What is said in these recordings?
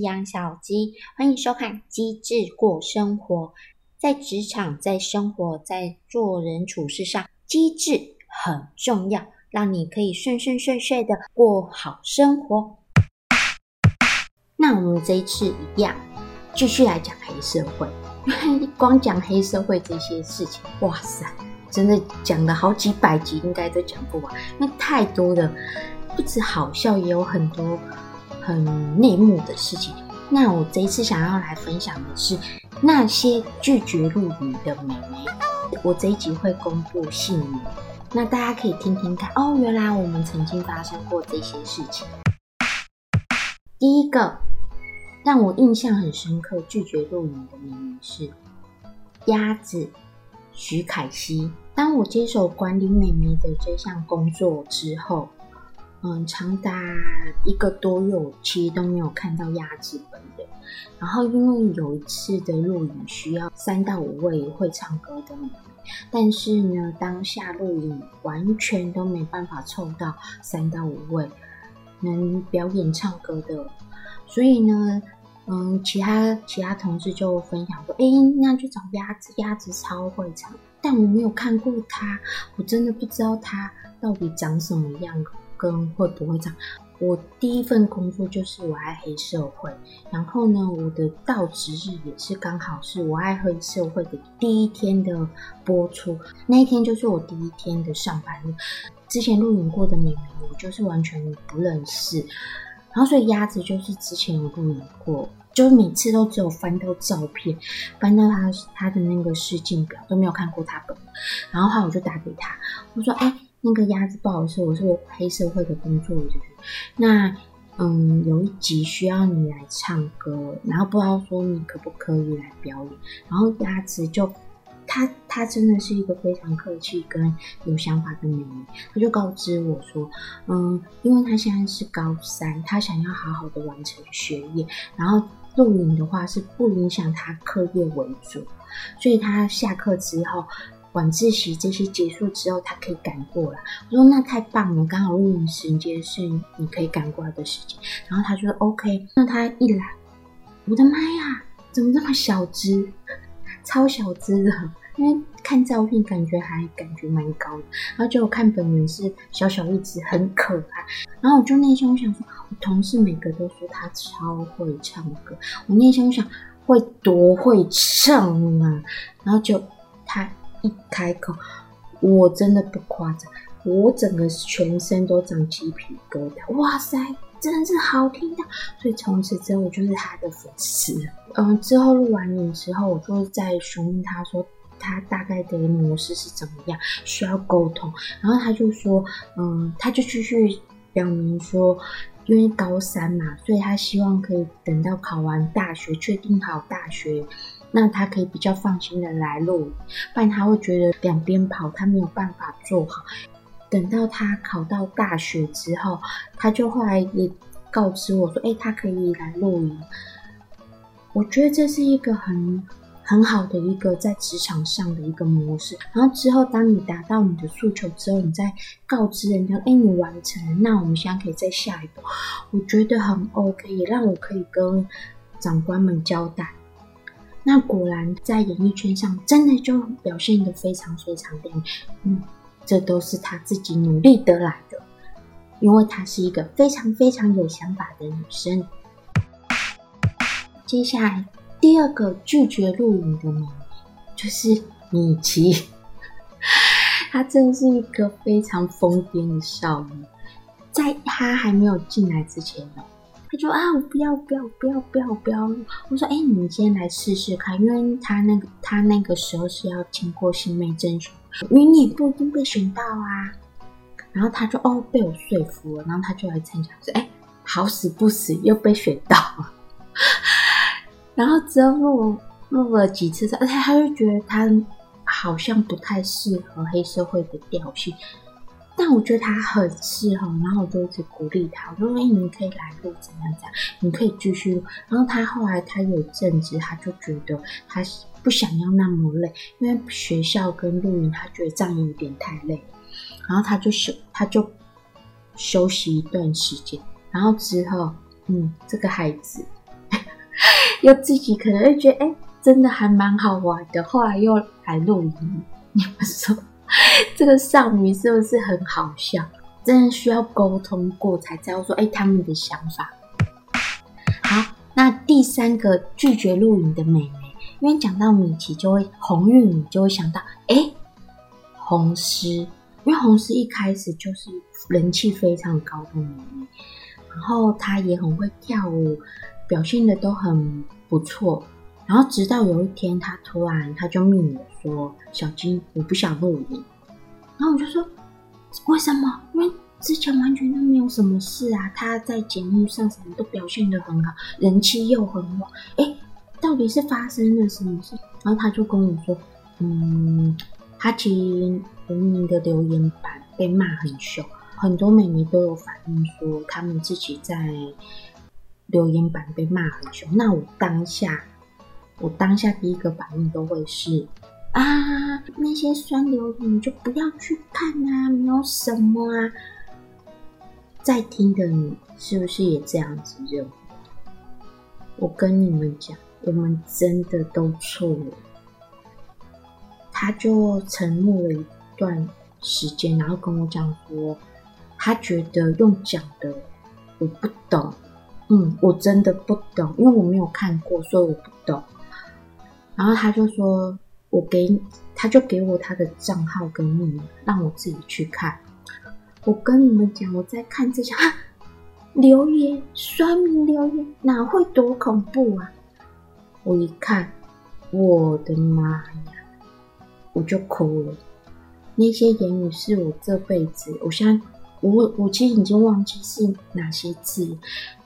養小雞，歡迎收看《機智過生活》。在職場，在生活，在做人處事上，機智很重要，讓你可以順順遂遂的過好生活。那我們這一次一樣，繼續來講黑澀會，光講黑澀會這些事情，哇塞，真的講了好幾百集，應該都講不完，那太多的，不止好笑，也有很多。很內幕的事情。那我這一次想要來分享的是那些拒絕錄影的美眉。我這一集會公布姓名，那大家可以聽聽看哦。原來我們曾經發生過這些事情。第一個讓我印象很深刻拒絕錄影的美眉是鴨子徐凱希。當我接手管理美眉的這項工作之後。嗯，長達一個多月，我其實都沒有看到鴨子本人。然後，因為有一次的錄影需要三到五位會唱歌的，但是呢，當下錄影完全都沒辦法湊到三到五位能表演唱歌的，所以呢，嗯，其他其他同事就分享說：“哎、欸，那就找鴨子，鴨子超會唱。”但我沒有看過他，我真的不知道他到底長什麼樣。跟會不會這樣？我第一份工作就是我愛黑澀會，然後呢，我的到職日也是剛好是我愛黑澀會的第一天的播出，那一天就是我第一天的上班日。之前錄影過的美眉，我就是完全不認識。然後所以鴨子就是之前我錄影過，就是每次都只有翻到照片，翻到他他的那個試鏡表都沒有看過他本。然後後來我就打給他，我說：“哎。”那個鴨子不好意思，我是黑澀會的工作人員，我就那，嗯，有一集需要你來唱歌，然後不知道說你可不可以來表演。然後鴨子就，他他真的是一個非常客氣跟有想法的女人，他就告知我說，嗯，因為他現在是高三，他想要好好的完成學業，然後錄影的話是不影響他課業為主，所以他下課之後。晚自習這些結束之後，他可以趕過來。我說那太棒了，剛好錄影時間是你可以趕過來的時間。然後他說 OK。那他一來，我的媽呀，怎麼這麼小隻，超小隻的！因為看照片感覺還感覺蠻高的，然後就我看本人是小小一隻，很可愛。然後我就內心我想說，我同事每個都說他超會唱歌，我內心就想會多會唱啊。然後就他。一開口，我真的不誇張，我整個全身都長雞皮疙瘩。哇塞，真是好聽的！所以從此之後，我就是他的粉絲。嗯，之後錄完影之後，我就在詢問他說，他大概的模式是怎麼樣，需要溝通。然後他就說，嗯，他就繼續表明說，因為高三嘛，所以他希望可以等到考完大學，確定好大學。那他可以比較放心的來錄，不然他會覺得兩邊跑，他沒有辦法做好。等到他考到大學之後，他就會來告知我說：“哎、欸，他可以來錄了。”我覺得這是一個很很好的一個在職場上的一個模式。然後之後，當你達到你的訴求之後，你再告知人家：“哎、欸，你完成了，那我們現在可以再下一步。”我覺得很 OK，讓我可以跟長官們交代。那果然在演藝圈上真的就表現的非常非常亮，嗯，這都是她自己努力得來的，因為她是一個非常非常有想法的女生。接下來第二個拒絕錄影的美眉就是米奇，她 真是一個非常瘋癲的少女，在她還沒有進來之前呢。他就啊，我不要我不要不要不要不要。我說哎、欸，你們先來試試看，因為他那個他那個時候是要經過新美甄選，因為你不一定被選到啊。然後他就哦被我說服了，然後他就來參加，說哎、欸，好死不死又被選到了。然後之後錄、錄了幾次，而且他就覺得他好像不太適合黑澀會的調性。但我覺得他很適合，然後我就一直鼓勵他，我說：“哎，你可以來，錄，怎樣怎樣，你可以繼續錄。”然後他後來他有陣子，他就覺得他不想要那麼累，因為學校跟錄影，他覺得這樣有點太累，然後他就休，他就休息一段時間。然後之後，嗯，這個孩子 又自己可能會覺得，哎、欸，真的還蠻好玩的。後來又來錄影，你們說？這個少女是不是很好笑？真的需要溝通過才知道說，哎、欸，他們的想法。好，那第三個拒絕錄影的美眉，因為講到米奇就會紅玉米就會想到，哎、欸，洪詩，因為洪詩一開始就是人氣非常高的美眉，然後她也很會跳舞，表現得都很不錯。然後直到有一天，他突然他就問我說：“小金，我不想錄影。”然後我就說：“為什麼？因為之前完全都沒有什麼事啊，他在節目上什麼都表現得很好，人氣又很旺。哎，到底是發生了什麼事？”然後他就跟我說：“嗯，他其實無名的留言板被罵很凶，很多美女都有反映說他們自己在留言板被罵很凶。那我當下。”我當下第一個反應都會是啊，那些酸流你就不要去看啊，沒有什麼啊。在聽的你是不是也這樣子就？我跟你們講，我們真的都錯了。他就沉默了一段時間，然後跟我講說，他覺得用講的我不懂，嗯，我真的不懂，因為我沒有看過，所以我不懂。然後他就說：“我給，他就給我他的賬號跟密碼，讓我自己去看。”我跟你們講，我在看這些，啊，留言酸民留言，哪會多恐怖啊？我一看，我的媽呀！我就哭了。那些言語是我這輩子，我現在我我其實已經忘記是哪些字，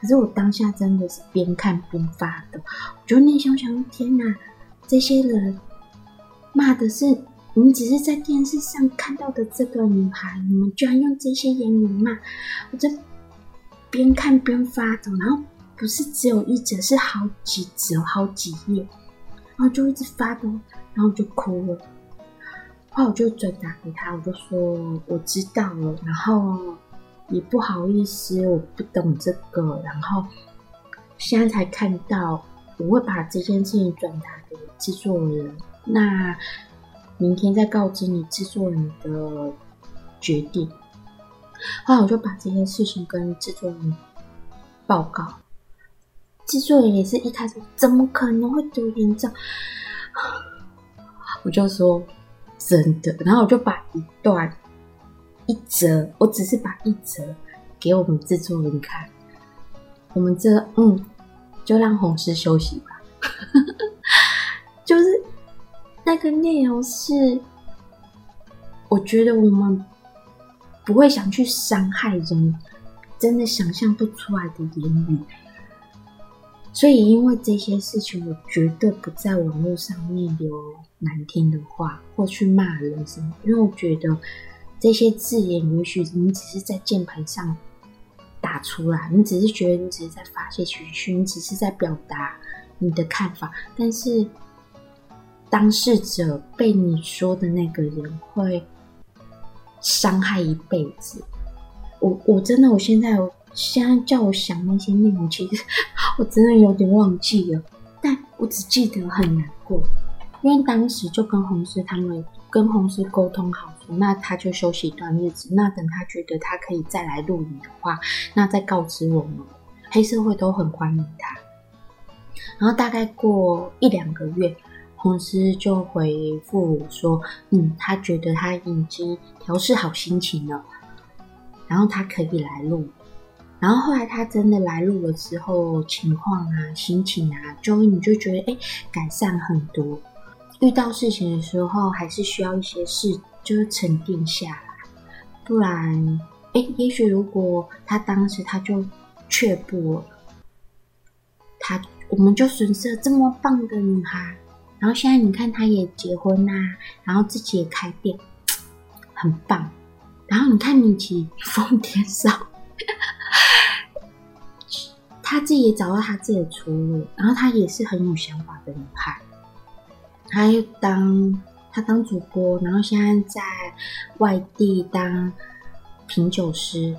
可是我當下真的是邊看邊發的。我就內心想：天哪！這些人罵的是你們，只是在電視上看到的這個女孩，你們居然用這些言語罵我！在邊看邊發抖，然後不是只有一則，是好幾則，好幾頁，然後就一直發抖，然後我就哭了。後來我就轉達給他，我就說我知道了，然後也不好意思，我不懂這個，然後現在才看到。我會把這件事情轉達給製作人，那明天再告知你製作人的決定。後來我就把這件事情跟製作人報告，製作人也是一開始怎麼可能會讀音照？我就說真的，然後我就把一段一則，我只是把一則給我們製作人看，我們這嗯。就讓紅師休息吧。 就是那個內容是，我覺得我們不會想去傷害人，真的想象不出來的言語。所以，因為這些事情，我絕對不在網絡上面留難聽的話或去罵人什麼。因為我覺得這些字眼，也許你只是在鍵盤上。出來，你只是覺得你只是在發洩情緒，你只是在表達你的看法，但是當事者被你說的那個人會傷害一輩子。我我真的我現在現在叫我想那些美眉，其實我真的有點忘記了，但我只記得很難過，因為當時就跟紅石他們。跟紅絲溝通好說，那他就休息一段日子。那等他覺得他可以再來錄影的話，那再告知我們。黑澀會都很歡迎他。然後大概過一兩個月，紅絲就回復我說：“嗯，他覺得他已經調適好心情了，然後他可以來錄。”然後後來他真的來錄了之後，情況啊、心情啊、終於你就覺得哎，改善很多。遇到事情的時候，還是需要一些事，就是沉澱下來，不然，誒、欸，也許如果他當時他就卻步了，他我們就損失了這麼棒的女孩、啊。然後現在你看，她也結婚啦、啊，然後自己也開店，很棒。然後你看米奇豐田少， 他自己也找到他自己的出路，然後他也是很有想法的女孩、啊。她又當她當主播，然後現在在外地當品酒師。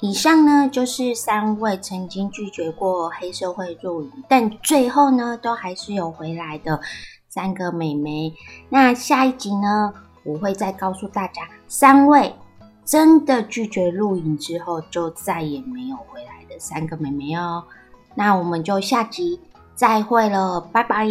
以上呢就是三位曾經拒絕過黑澀會錄影，但最後呢都還是有回來的三個美眉。那下一集呢，我會再告訴大家三位真的拒絕錄影之後就再也沒有回來的三個美眉哦。那我們就下集再會了，拜拜。